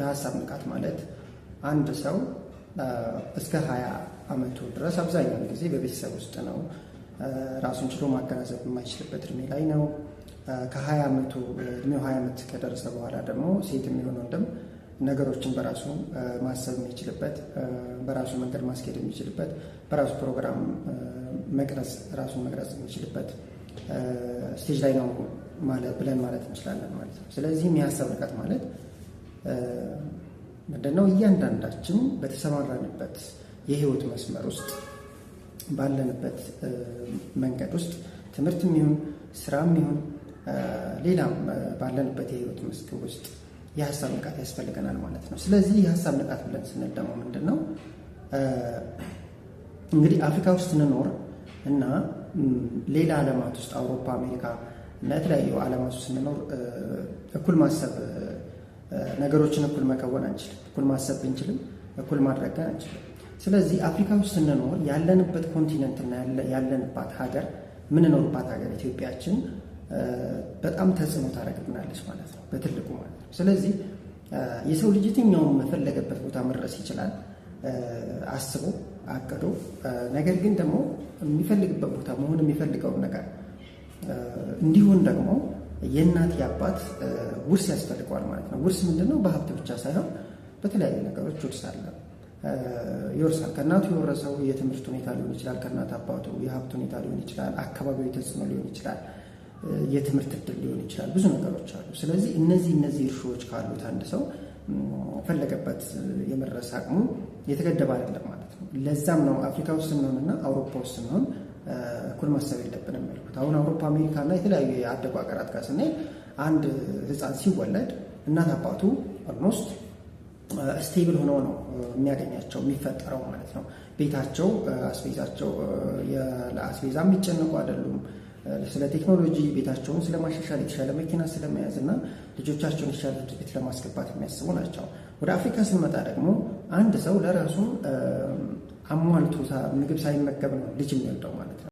የሀሳብ ንቃት ማለት አንድ ሰው እስከ ሀያ አመቱ ድረስ አብዛኛውን ጊዜ በቤተሰብ ውስጥ ነው ራሱን ችሎ ማገናዘብ የማይችልበት እድሜ ላይ ነው። ከሀያ አመቱ እድሜው ሀያ አመት ከደረሰ በኋላ ደግሞ ሴት የሚሆን ወንድም ነገሮችን በራሱ ማሰብ የሚችልበት በራሱ መንገድ ማስኬድ የሚችልበት በራሱ ፕሮግራም መቅረጽ ራሱን መቅረጽ የሚችልበት ስቴጅ ላይ ነው ብለን ማለት እንችላለን ማለት ነው። ስለዚህም የሀሳብ ንቃት ማለት ምንድነው እያንዳንዳችን በተሰማራንበት የህይወት መስመር ውስጥ ባለንበት መንገድ ውስጥ ትምህርትም ይሁን ስራም ይሁን ሌላም ባለንበት የህይወት መስክ ውስጥ የሀሳብ ንቃት ያስፈልገናል ማለት ነው። ስለዚህ የሀሳብ ንቃት ብለን ስንል ደግሞ ምንድን ነው እንግዲህ አፍሪካ ውስጥ ስንኖር እና ሌላ ዓለማት ውስጥ አውሮፓ፣ አሜሪካ እና የተለያዩ ዓለማት ውስጥ ስንኖር እኩል ማሰብ ነገሮችን እኩል መከወን አንችልም፣ እኩል ማሰብ ብንችልም እኩል ማድረግ አንችልም። ስለዚህ አፍሪካ ውስጥ ስንኖር ያለንበት ኮንቲነንት ያለንባት ሀገር ምንኖርባት ሀገር ኢትዮጵያችን በጣም ተጽዕኖ ታደርግብናለች ማለት ነው፣ በትልቁ ማለት ነው። ስለዚህ የሰው ልጅ የትኛውም መፈለገበት ቦታ መድረስ ይችላል አስቦ አቅዶ። ነገር ግን ደግሞ የሚፈልግበት ቦታ መሆን የሚፈልገውን ነገር እንዲሆን ደግሞ የእናት የአባት ውርስ ያስፈልገዋል ማለት ነው። ውርስ ምንድን ነው? በሀብት ብቻ ሳይሆን በተለያዩ ነገሮች ውርስ አለ ይወርሳል። ከእናቱ የወረሰው የትምህርት ሁኔታ ሊሆን ይችላል። ከእናት አባቱ የሀብት ሁኔታ ሊሆን ይችላል። አካባቢው ተጽዕኖ ሊሆን ይችላል። የትምህርት እድል ሊሆን ይችላል። ብዙ ነገሮች አሉ። ስለዚህ እነዚህ እነዚህ እርሾዎች ካሉት አንድ ሰው ፈለገበት የመድረስ አቅሙ የተገደበ አይደለም ማለት ነው። ለዛም ነው አፍሪካ ውስጥ ስንሆንና አውሮፓ ውስጥ ስንሆን እኩል ማሰብ የለብንም የሚልኩት። አሁን አውሮፓ፣ አሜሪካና የተለያዩ የአደጉ ሀገራት ጋር ስናይ አንድ ህፃን ሲወለድ እናት አባቱ ኦልሞስት ስቴብል ሆነው ነው የሚያገኛቸው የሚፈጠረው ማለት ነው። ቤታቸው አስቤዛቸው ለአስቤዛ የሚጨነቁ አይደሉም። ስለ ቴክኖሎጂ ቤታቸውን ስለማሻሻል የተሻለ መኪና ስለመያዝ እና ልጆቻቸውን የተሻለ ትምህርት ቤት ለማስገባት የሚያስቡ ናቸው። ወደ አፍሪካ ስንመጣ ደግሞ አንድ ሰው ለራሱ አሟልቶ ምግብ ሳይመገብ ነው ልጅ የሚወልደው ማለት ነው።